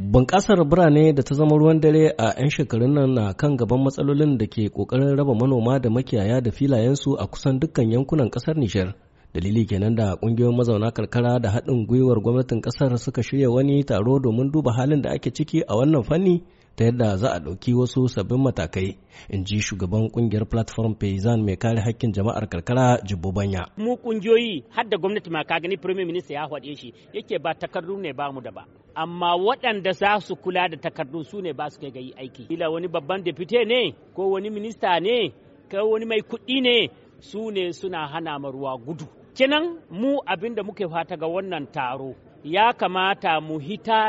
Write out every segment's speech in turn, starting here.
Bunƙasar birane da ta zama ruwan dare a 'yan shekarun nan na kan gaban matsalolin da ke ƙoƙarin raba manoma da makiyaya da filayensu a kusan dukkan yankunan ƙasar Nijar. Dalili kenan da ƙungiyoyin mazauna karkara da haɗin gwiwar gwamnatin ƙasar suka shirya wani taro domin duba halin da ake ciki a wannan fanni ta yadda za a ɗauki wasu sabbin matakai in ji shugaban kungiyar platform paysan mai kare hakkin jama'ar karkara jibbo banya mu kungiyoyi hadda gwamnati ma ka gani premier minister ya haɗe shi yake ba takardu ne ba mu da ba amma waɗanda za su kula da takardu su ne ba su kai yi aiki ila wani babban deputy ne ko wani minista ne ko wani mai kuɗi ne su ne suna hana ma ruwa gudu kenan mu abin da muke fata ga wannan taro ya kamata mu hita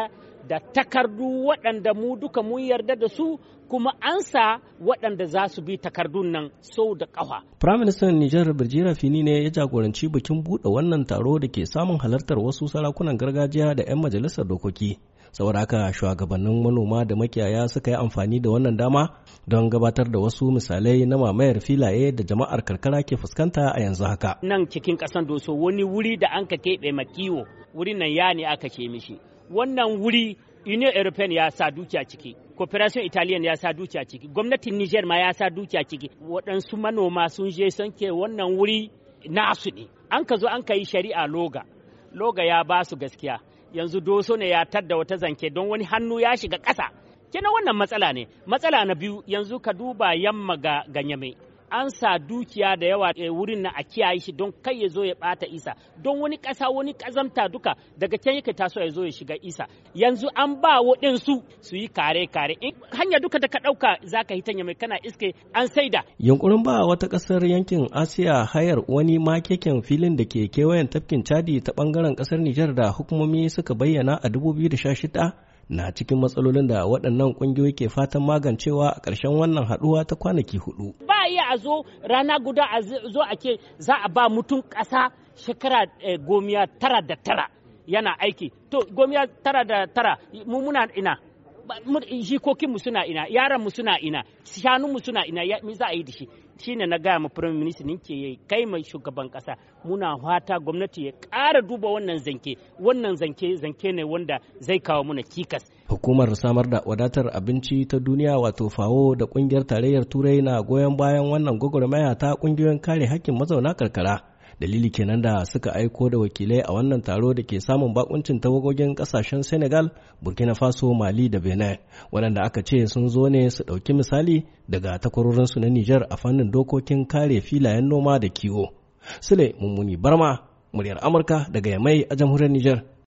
da takardu waɗanda mu duka mun yarda da su kuma ansa waɗanda za su bi takardun nan sau da ƙafa. Firaministan Nijar Birjira Fini ne ya jagoranci bikin buɗe wannan taro da ke samun halartar wasu sarakunan gargajiya da 'yan majalisar dokoki. Saboda haka shugabannin manoma da makiyaya suka yi amfani da wannan dama don gabatar da wasu misalai na mamayar filaye da jama'ar karkara ke fuskanta a yanzu haka. Nan cikin ƙasan doso wani wuri da an ka keɓe makiwo wuri nan ya ne aka ce mishi. Wannan wuri union european ya sa dukiya ciki cooperation italian ya sa dukiya ciki gwamnatin niger ma ya sa dukiya ciki waɗansu manoma sun je son ke wannan wuri nasu ne an ka zo an ka yi shari'a loga loga ya ba su gaskiya yanzu doso ne ya tadda wata zanke don wani hannu ya shiga ƙasa kenan wannan matsala ne matsala na biyu yanzu ka duba yamma ga ganyame an sa dukiya da yawa eh, wurin na a kiyaye shi don kai ya zo ya bata isa don wani kasa wani ƙazamta duka daga can yake taso ya zo ya shiga isa yanzu an ba wa su yi kare kare in hanya duka da ka ɗauka za ka ya mai kana iske an saida. yunkurin ba wata kasar yankin asiya hayar wani makeken filin da ke kewayen tafkin chadi ta bangaren kasar nijar da hukumomi suka bayyana a 2016 na cikin matsalolin da waɗannan ƙungiyoyi ke fatan magancewa a ƙarshen wannan haɗuwa ta kwanaki hudu. iya a zo rana guda a zo a ce za a ba mutum ƙasa shekara eh, gomiya tara da tara yana aiki to gomiya tara da tara mu muna ina jikokinmu suna ina yaranmu suna ina shanunmu suna ina za a yi da shi shine na gaya ma firayim minista ninke ya kai mai shugaban kasa muna fata gwamnati ya ƙara duba wannan zanke wannan zanke zanke ne wanda zai kawo muna cikas hukumar samar da wadatar abinci ta duniya wato fawo da kungiyar tarayyar turai na goyon bayan wannan gwagwarmaya ta kungiyoyin kare hakkin mazauna karkara dalili kenan da suka aiko da wakilai a wannan taro da ke samun bakuncin tawagogin kasashen senegal burkina faso mali da benin waɗanda aka ce sun zo ne su ɗauki misali daga takwarorinsu na niger a fannin dokokin kare filayen noma da kiwo sule mummuni barma muryar amurka daga yamai a jamhuriyar niger